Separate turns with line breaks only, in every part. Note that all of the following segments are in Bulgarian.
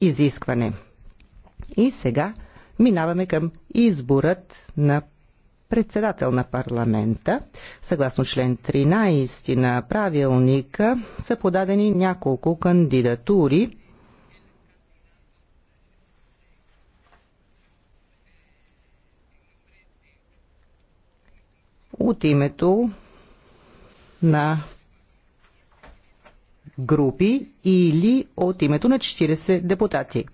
изискване. И сега минаваме към изборът на председател на парламента. Съгласно член 13 на правилника са подадени няколко кандидатури. От името на групи или от името на 40 депутати.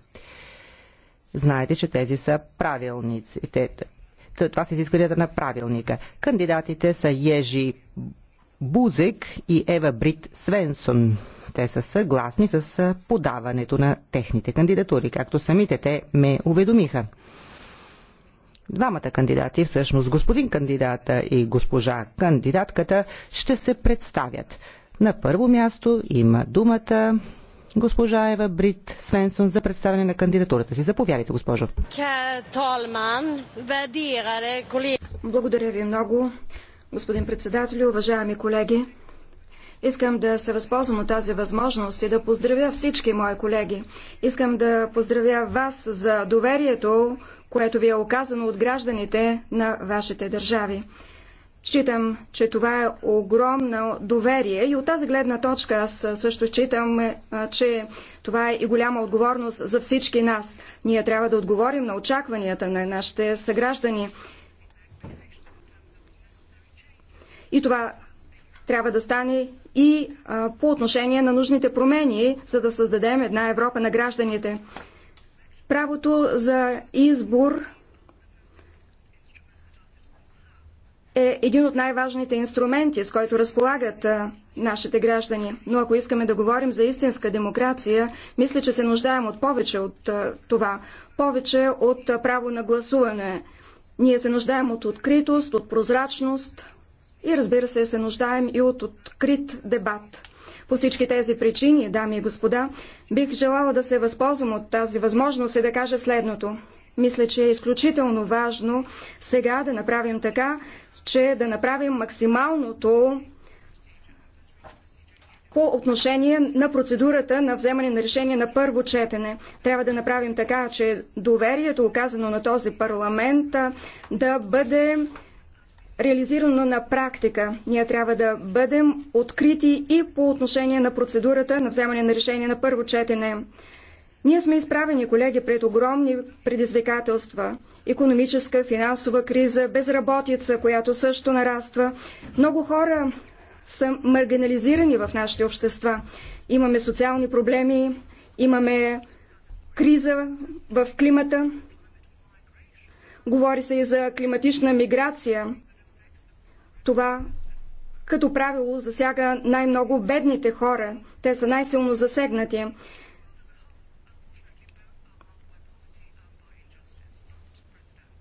Знаете, че тези са правилниците. Това са изискванията на правилника. Кандидатите са Ежи Бузек и Ева Брит Свенсон. Те са съгласни с подаването на техните кандидатури, както самите те ме уведомиха. Двамата кандидати, всъщност господин кандидата и госпожа кандидатката, ще се представят. На първо място има думата госпожа Ева Брит Свенсон за представяне на кандидатурата си. Заповядайте, госпожо.
Благодаря ви много, господин председател, уважаеми колеги. Искам да се възползвам от тази възможност и да поздравя всички мои колеги. Искам да поздравя вас за доверието, което ви е оказано от гражданите на вашите държави. Считам, че това е огромно доверие и от тази гледна точка аз също считам, е, че това е и голяма отговорност за всички нас. Ние трябва да отговорим на очакванията на нашите съграждани. И това трябва да стане и по отношение на нужните промени, за да създадем една Европа на гражданите. Правото за избор е един от най-важните инструменти, с който разполагат а, нашите граждани. Но ако искаме да говорим за истинска демокрация, мисля, че се нуждаем от повече от а, това. Повече от а, право на гласуване. Ние се нуждаем от откритост, от прозрачност и разбира се, се нуждаем и от открит дебат. По всички тези причини, дами и господа, бих желала да се възползвам от тази възможност и да кажа следното. Мисля, че е изключително важно сега да направим така, че да направим максималното по отношение на процедурата на вземане на решение на първо четене. Трябва да направим така, че доверието, оказано на този парламент, да бъде реализирано на практика. Ние трябва да бъдем открити и по отношение на процедурата на вземане на решение на първо четене. Ние сме изправени, колеги, пред огромни предизвикателства. Економическа, финансова криза, безработица, която също нараства. Много хора са маргинализирани в нашите общества. Имаме социални проблеми, имаме криза в климата. Говори се и за климатична миграция. Това като правило засяга най-много бедните хора. Те са най-силно засегнати.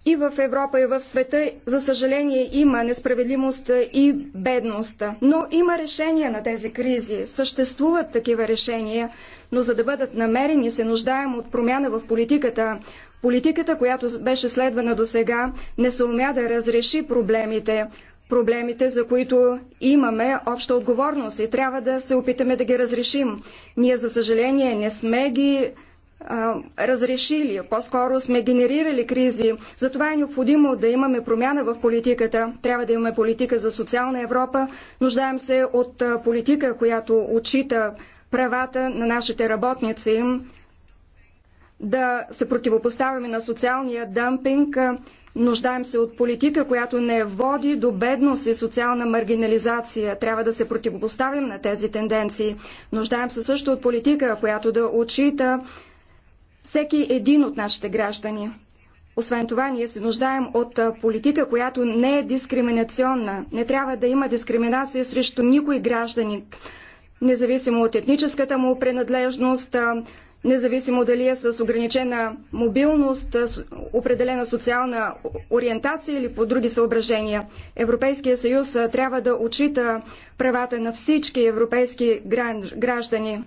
и в Европа, и в света, за съжаление, има несправедливост и бедност. Но има решения на тези кризи. Съществуват такива решения, но за да бъдат намерени, се нуждаем от промяна в политиката. Политиката, която беше следвана до сега, не се умя да разреши проблемите. Проблемите, за които имаме обща отговорност и трябва да се опитаме да ги разрешим. Ние, за съжаление, не сме ги разрешили, по-скоро сме генерирали кризи. Затова е необходимо да имаме промяна в политиката. Трябва да имаме политика за социална Европа. Нуждаем се от политика, която отчита правата на нашите работници, да се противопоставяме на социалния дъмпинг. Нуждаем се от политика, която не води до бедност и социална маргинализация. Трябва да се противопоставим на тези тенденции. Нуждаем се също от политика, която да отчита всеки един от нашите граждани. Освен това, ние се нуждаем от политика, която не е дискриминационна. Не трябва да има дискриминация срещу никой граждани, независимо от етническата му принадлежност, независимо дали е с ограничена мобилност, определена социална ориентация или по други съображения. Европейския съюз трябва да отчита правата на всички европейски граждани.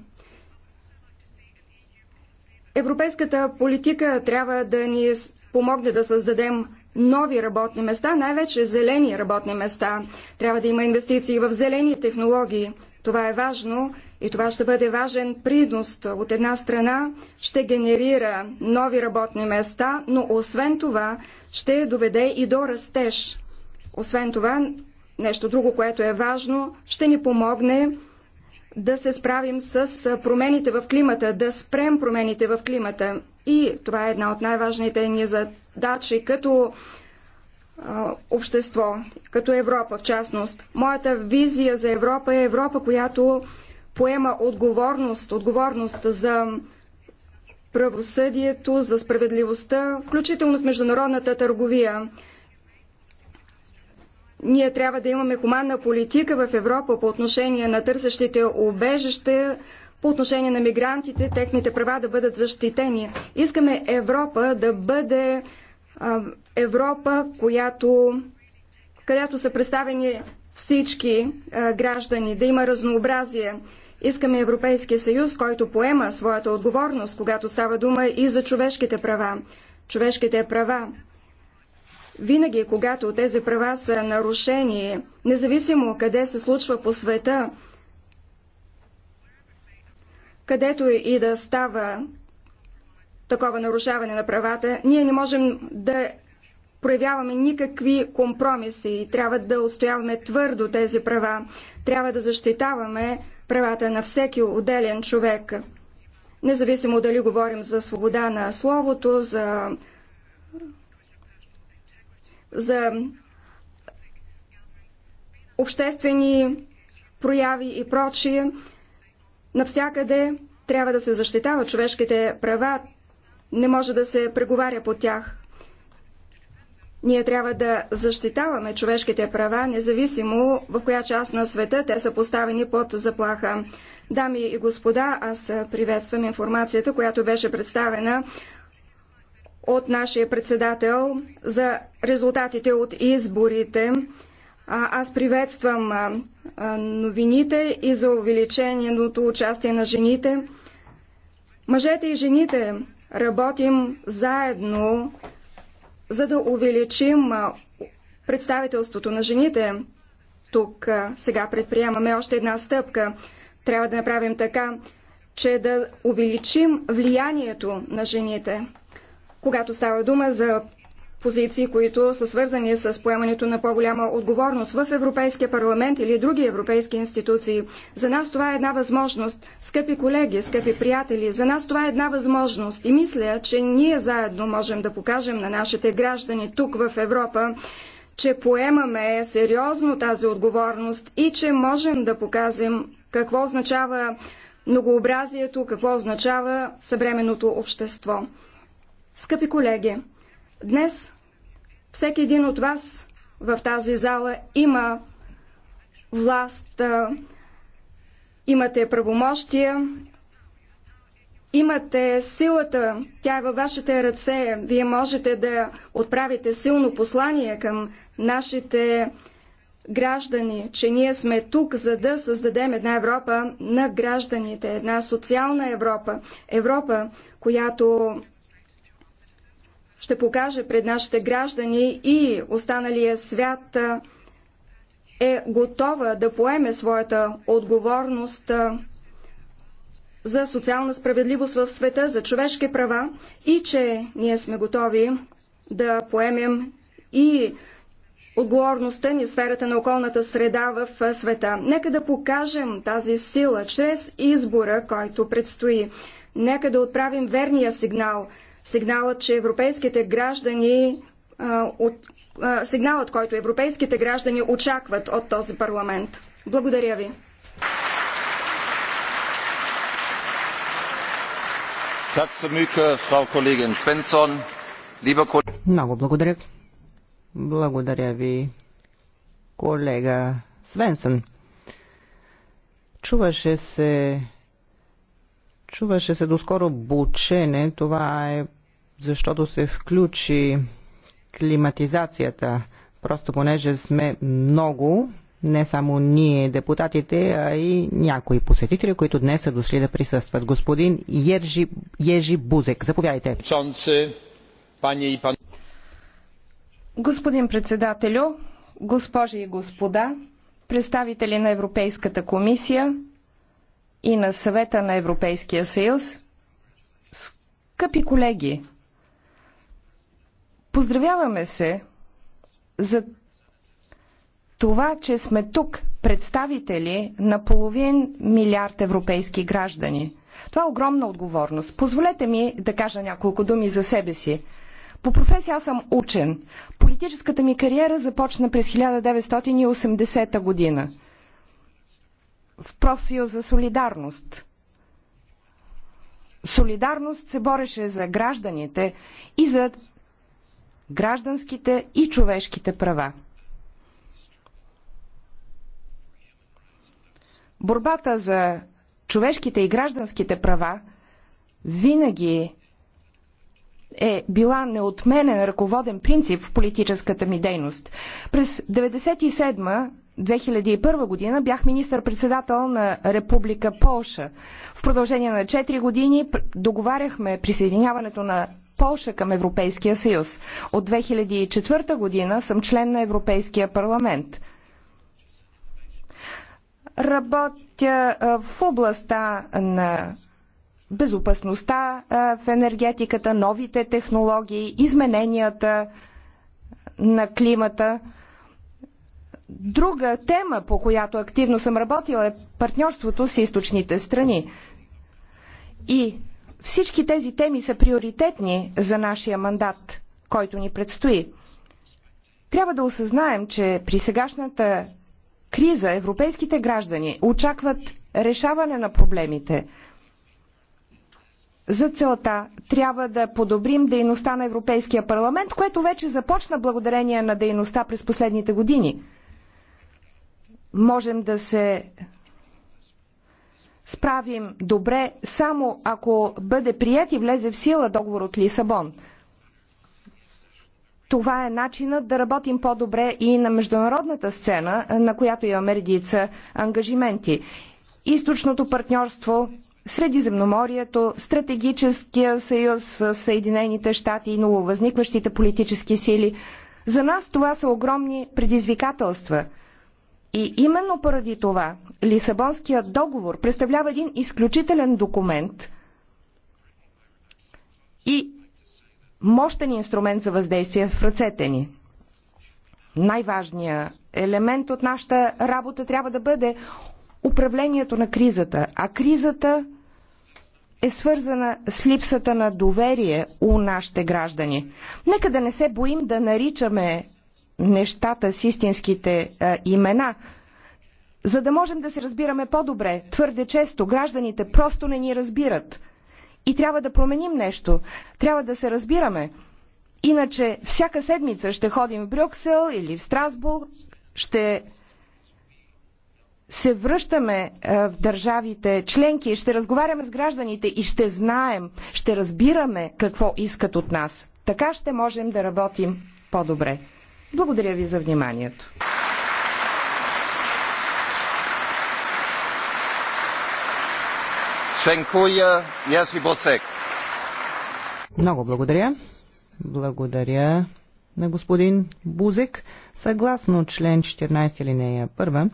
Европейската политика трябва да ни помогне да създадем нови работни места, най-вече зелени работни места. Трябва да има инвестиции в зелени технологии. Това е важно и това ще бъде важен принос. От една страна ще генерира нови работни места, но освен това ще доведе и до растеж. Освен това, нещо друго, което е важно, ще ни помогне да се справим с промените в климата, да спрем промените в климата. И това е една от най-важните ни задачи като общество, като Европа в частност. Моята визия за Европа е Европа, която поема отговорност, отговорност за правосъдието, за справедливостта, включително в международната търговия. Ние трябва да имаме хуманна политика в Европа по отношение на търсещите убежище, по отношение на мигрантите, техните права да бъдат защитени. Искаме Европа да бъде а, Европа, която, където са представени всички а, граждани, да има разнообразие. Искаме Европейския съюз, който поема своята отговорност, когато става дума и за човешките права. Човешките права винаги, когато тези права са нарушени, независимо къде се случва по света, където и да става такова нарушаване на правата, ние не можем да проявяваме никакви компромиси и трябва да отстояваме твърдо тези права. Трябва да защитаваме правата на всеки отделен човек. Независимо дали говорим за свобода на словото, за за обществени прояви и прочие. Навсякъде трябва да се защитава човешките права, не може да се преговаря по тях. Ние трябва да защитаваме човешките права, независимо в коя част на света те са поставени под заплаха. Дами и господа, аз приветствам информацията, която беше представена от нашия председател за резултатите от изборите. Аз приветствам новините и за увеличеното участие на жените. Мъжете и жените работим заедно, за да увеличим представителството на жените. Тук сега предприемаме още една стъпка. Трябва да направим така, че да увеличим влиянието на жените когато става дума за позиции, които са свързани с поемането на по-голяма отговорност в Европейския парламент или други европейски институции. За нас това е една възможност. Скъпи колеги, скъпи приятели, за нас това е една възможност и мисля, че ние заедно можем да покажем на нашите граждани тук в Европа, че поемаме сериозно тази отговорност и че можем да покажем какво означава многообразието, какво означава съвременното общество. Скъпи колеги, днес всеки един от вас в тази зала има власт, имате правомощия, имате силата, тя е във вашите ръце. Вие можете да отправите силно послание към нашите граждани, че ние сме тук, за да създадем една Европа на гражданите, една социална Европа, Европа, която ще покаже пред нашите граждани и останалия свят е готова да поеме своята отговорност за социална справедливост в света, за човешки права и че ние сме готови да поемем и отговорността ни в сферата на околната среда в света. Нека да покажем тази сила чрез избора, който предстои. Нека да отправим верния сигнал – Сигналът, че европейските граждани от, сигналът, който европейските граждани очакват от този парламент. Благодаря ви.
Много благодаря. Благодаря ви, колега Свенсън. Чуваше се Чуваше се доскоро бучене, това е защото се включи климатизацията. Просто понеже сме много, не само ние депутатите, а и някои посетители, които днес са дошли да присъстват. Господин Ержи, Ежи Бузек,
заповядайте.
Господин председателю, госпожи и господа, представители на Европейската комисия, и на съвета на Европейския съюз. Скъпи колеги, поздравяваме се за това, че сме тук представители на половин милиард европейски граждани. Това е огромна отговорност. Позволете ми да кажа няколко думи за себе си. По професия аз съм учен. Политическата ми кариера започна през 1980 година в профсъюза Солидарност. Солидарност се бореше за гражданите и за гражданските и човешките права. Борбата за човешките и гражданските права винаги е била неотменен ръководен принцип в политическата ми дейност. През 1997 2001 година бях министър-председател на Република Полша. В продължение на 4 години договаряхме присъединяването на Полша към Европейския съюз. От 2004 година съм член на Европейския парламент. Работя в областта на безопасността в енергетиката, новите технологии, измененията на климата – Друга тема, по която активно съм работила е партньорството с източните страни. И всички тези теми са приоритетни за нашия мандат, който ни предстои. Трябва да осъзнаем, че при сегашната криза европейските граждани очакват решаване на проблемите. За целта трябва да подобрим дейността на Европейския парламент, което вече започна благодарение на дейността през последните години можем да се справим добре само ако бъде прият и влезе в сила договор от Лисабон. Това е начинът да работим по-добре и на международната сцена, на която имаме редица ангажименти. Източното партньорство, Средиземноморието, Стратегическия съюз с Съединените щати и нововъзникващите политически сили. За нас това са огромни предизвикателства – и именно поради това Лисабонският договор представлява един изключителен документ и мощен инструмент за въздействие в ръцете ни. Най-важният елемент от нашата работа трябва да бъде управлението на кризата. А кризата е свързана с липсата на доверие у нашите граждани. Нека да не се боим да наричаме нещата с истинските е, имена, за да можем да се разбираме по-добре. Твърде често гражданите просто не ни разбират. И трябва да променим нещо. Трябва да се разбираме. Иначе всяка седмица ще ходим в Брюксел или в Страсбург, ще се връщаме е, в държавите членки, ще разговаряме с гражданите и ще знаем, ще разбираме какво искат от нас. Така ще можем да работим по-добре. Благодаря ви за вниманието.
Много благодаря. Благодаря на господин Бузек. Съгласно член 14 линия 1,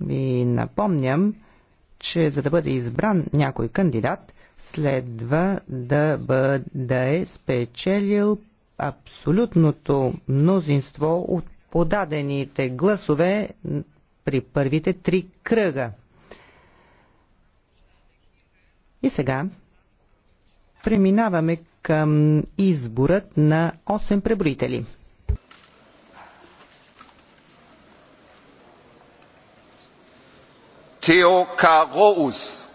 ви напомням, че за да бъде избран някой кандидат, следва да, бъде, спечелил абсолютното мнозинство от подадените гласове при първите три кръга. И сега преминаваме към изборът на 8 преброители.
Тео Karous.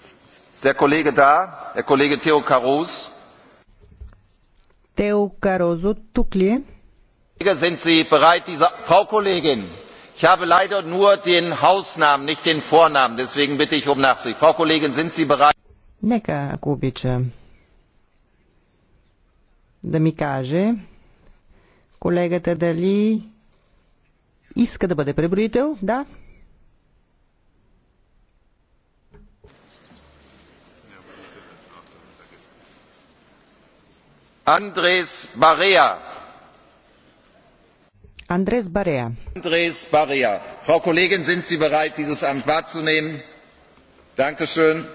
Ist der Kollege da? Der Kollege Theo
Тео Карозо тук ли
е? Sind Sie bereit, Frau Kollegin, ich habe leider nur den Hausnamen, nicht den Vornamen, deswegen bitte ich um Nachsicht. Frau Kollegin, sind Sie bereit?
Нека, ако обича, да ми каже колегата дали иска да бъде преброител. Да,
Andres Barea.
Andres Barea.
Andres Barea. Frau Kollegin, sind Sie bereit, dieses Amt wahrzunehmen? Dankeschön.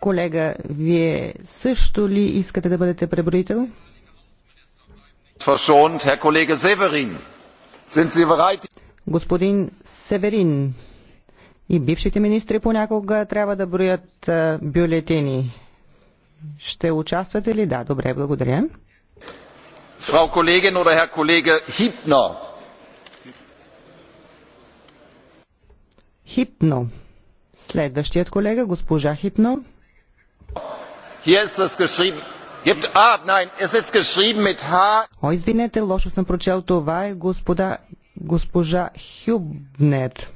Колега, вие също ли искате да бъдете преброител?
Verschont, Herr Kollege Severin. Sind Sie bereit?
Господин Северин и бившите министри понякога трябва да броят бюлетини. Ще участвате ли? Да, добре, благодаря.
Frau Kollegin oder Herr Kollege Hipner.
Хипно. Следващият колега, госпожа Хипно.
Ah,
О, извинете, лошо съм прочел това е господа, госпожа Хюбнер.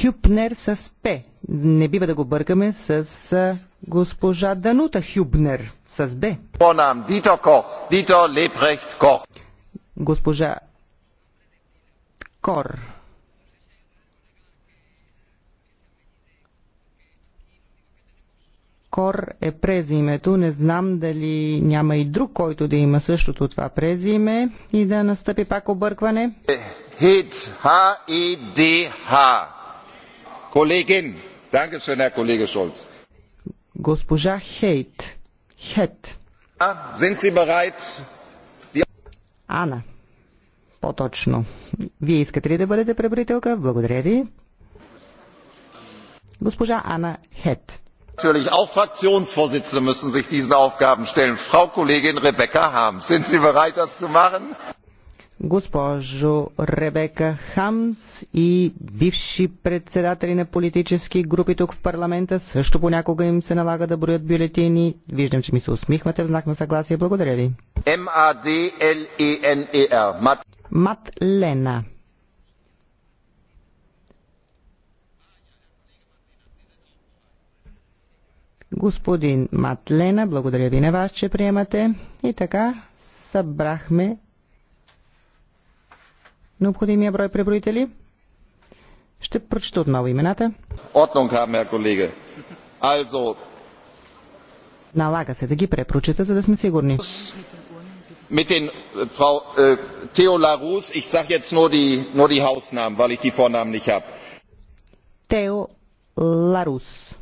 Хюбнер с П. Не бива да го бъркаме с госпожа Данута Хюбнер с Б.
Понам Дито Кох, Дито Лепрехт Кох.
Госпожа Кор. Кор е презимето. Не знам дали няма и друг, който да има същото това презиме и да настъпи пак объркване.
Хит, Х, И, Д, Х. Kollegin. Dankeschön,
Госпожа Хейт. Хет. Ана. По-точно. Вие искате ли да бъдете пребрителка? Благодаря ви. Госпожа Ана
Хет. Natürlich auch Fraktionsvorsitzende müssen sich diesen Aufgaben stellen. Frau Kollegin Rebecca Harms, sind Sie bereit, das zu machen?
госпожо Ребека Хамс и бивши председатели на политически групи тук в парламента. Също понякога им се налага да броят бюлетини. Виждам, че ми се усмихвате в знак на съгласие. Благодаря ви.
м а д л и н и Мат...
Мат Лена. Господин Матлена, благодаря ви на вас, че приемате. И така, събрахме необходимия брой преброители. Ще прочета отново имената.
Ordnung haben, Herr Kollege. Also...
Налага се да ги препрочета, за да сме сигурни.
Mit den äh, Frau äh, Theo Larus, ich sag jetzt nur die, nur die Hausnamen, weil ich die Vornamen nicht habe.
Theo Larus.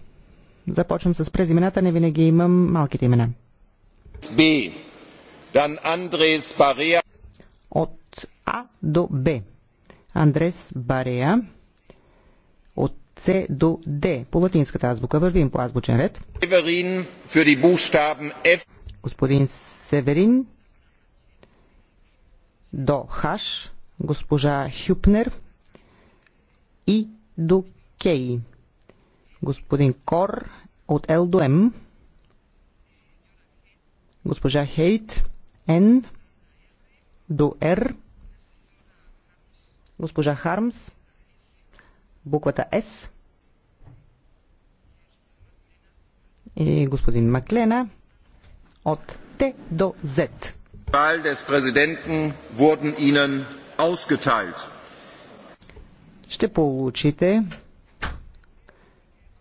Започвам с през имената, не винаги имам малките имена.
B. Dann Andres Barea.
От а до Б. Андрес Барея от С до Д. По латинската азбука вървим по азбучен ред. Господин Северин до Хаш, госпожа Хюпнер и до Кей. Господин Кор от Л до М. Госпожа Хейт Н до Р Госпожа Хармс, буквата С и господин Маклена от Т до З. Ще получите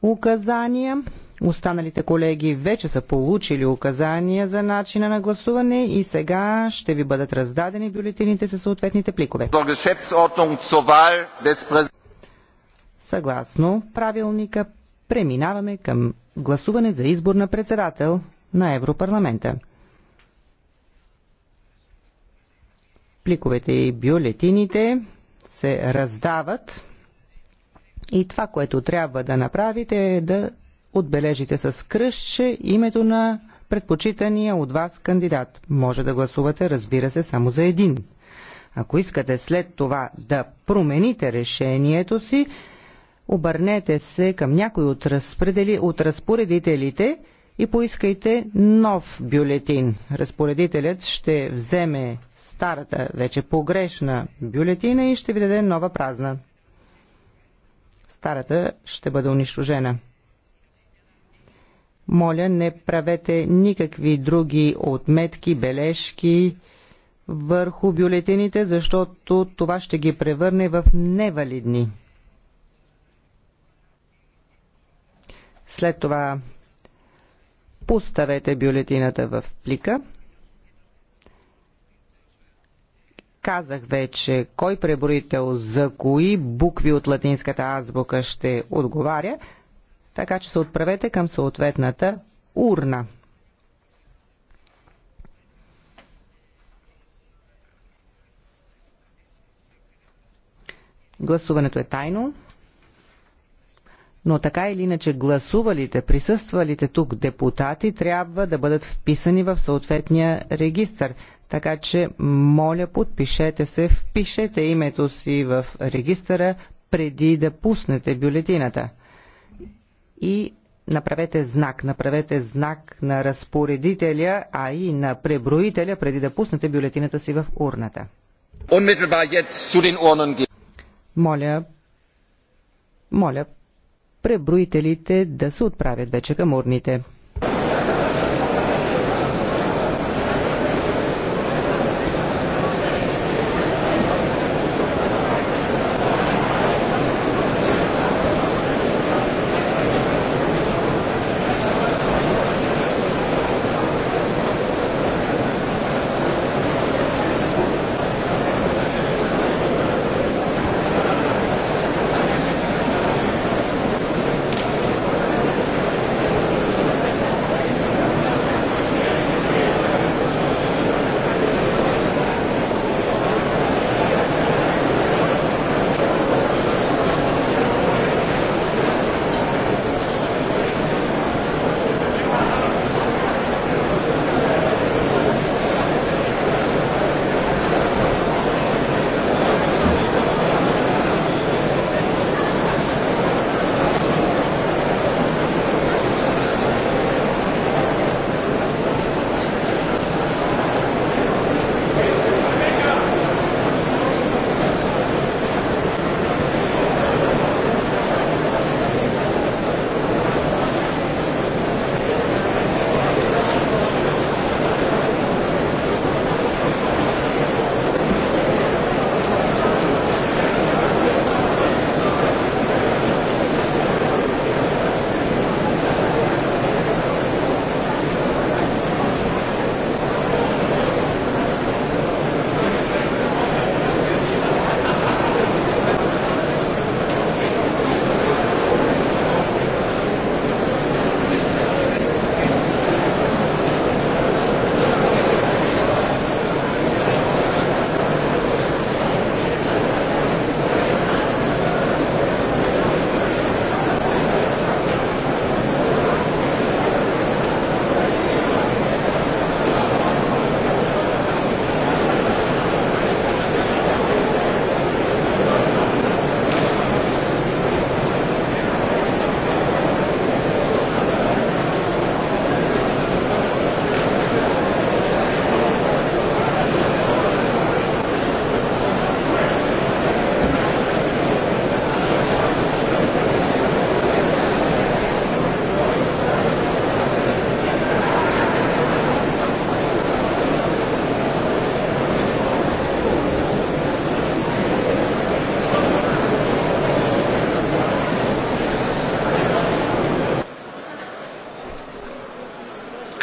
указания Останалите колеги вече са получили указания за начина на гласуване и сега ще ви бъдат раздадени бюлетините със съответните пликове. Съгласно правилника преминаваме към гласуване за избор на председател на Европарламента. Пликовете и бюлетините се раздават и това, което трябва да направите е да отбележите с кръщче името на предпочитания от вас кандидат. Може да гласувате, разбира се, само за един. Ако искате след това да промените решението си, обърнете се към някой от, разпредели, от разпоредителите и поискайте нов бюлетин. Разпоредителят ще вземе старата, вече погрешна бюлетина и ще ви даде нова празна. Старата ще бъде унищожена. Моля, не правете никакви други отметки, бележки върху бюлетините, защото това ще ги превърне в невалидни. След това поставете бюлетината в плика. Казах вече кой преброител за кои букви от латинската азбука ще отговаря така че се отправете към съответната урна. Гласуването е тайно, но така или иначе гласувалите, присъствалите тук депутати трябва да бъдат вписани в съответния регистр. Така че, моля, подпишете се, впишете името си в регистъра преди да пуснете бюлетината и направете знак, направете знак на разпоредителя, а и на преброителя, преди да пуснете бюлетината си в урната. Моля, моля преброителите да се отправят вече към урните.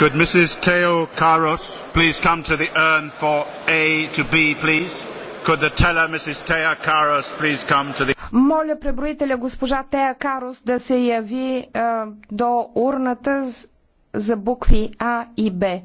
Could Mrs. Teo Karos please come to the urn for A to B, please? Could the teller, Mrs. Teo Karos, please come to the...
Моля преброителя госпожа Теа Карос да се яви е, до урната за букви А и Б.